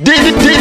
David. David.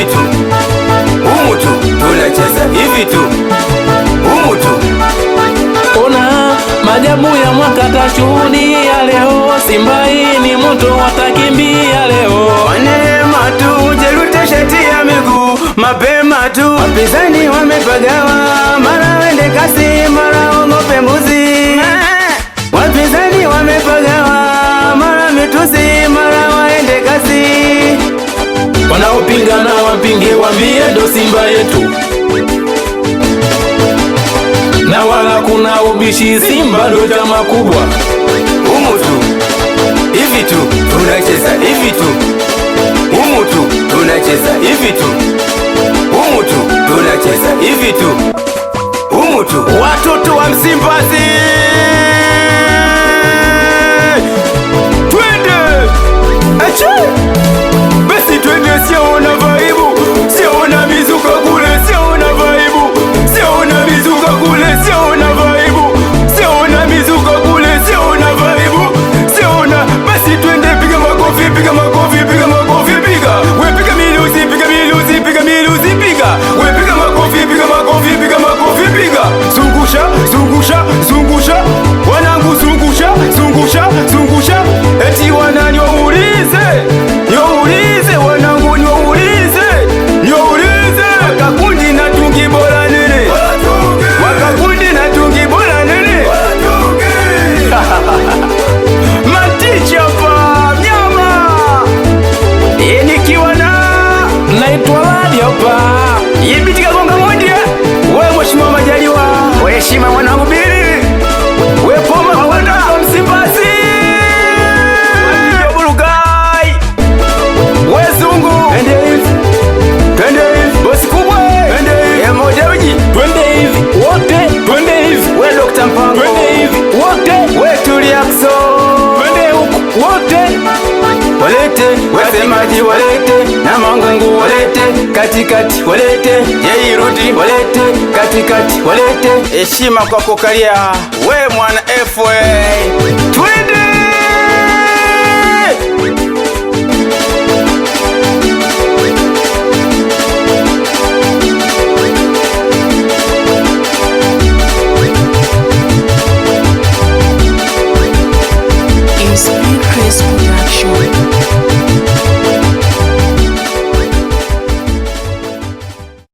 hivi tu, humu tu tunacheza hivi tu, humu tu. Ona majabu ya mwaka tashuhudia leo, Simba hii ni moto, watakimbia leo. Neema tu jerute shati ya miguu mapema tu, wapinzani wamepagawa, mara wende kasi, mara ongope mbuzi, wapizani wamepagawa, mara mitusi, mara waende kasi wanaopingana Ningewambie ndo Simba yetu, na wala kuna ubishi. Simba ndo chama kubwa humu tu, hivi tu tunacheza, hivi tu humu tu tunacheza, hivi tu humu tu tunacheza, hivi tu naitwa Ladiapa. Yebiti kagonga moja, wewe mheshimiwa Majaliwa, heshima mwanangu walete, wasemaji walete, na mangungu walete, katikati walete, yeirudi walete, katikati walete, heshima kwa kukalia we mwana FA.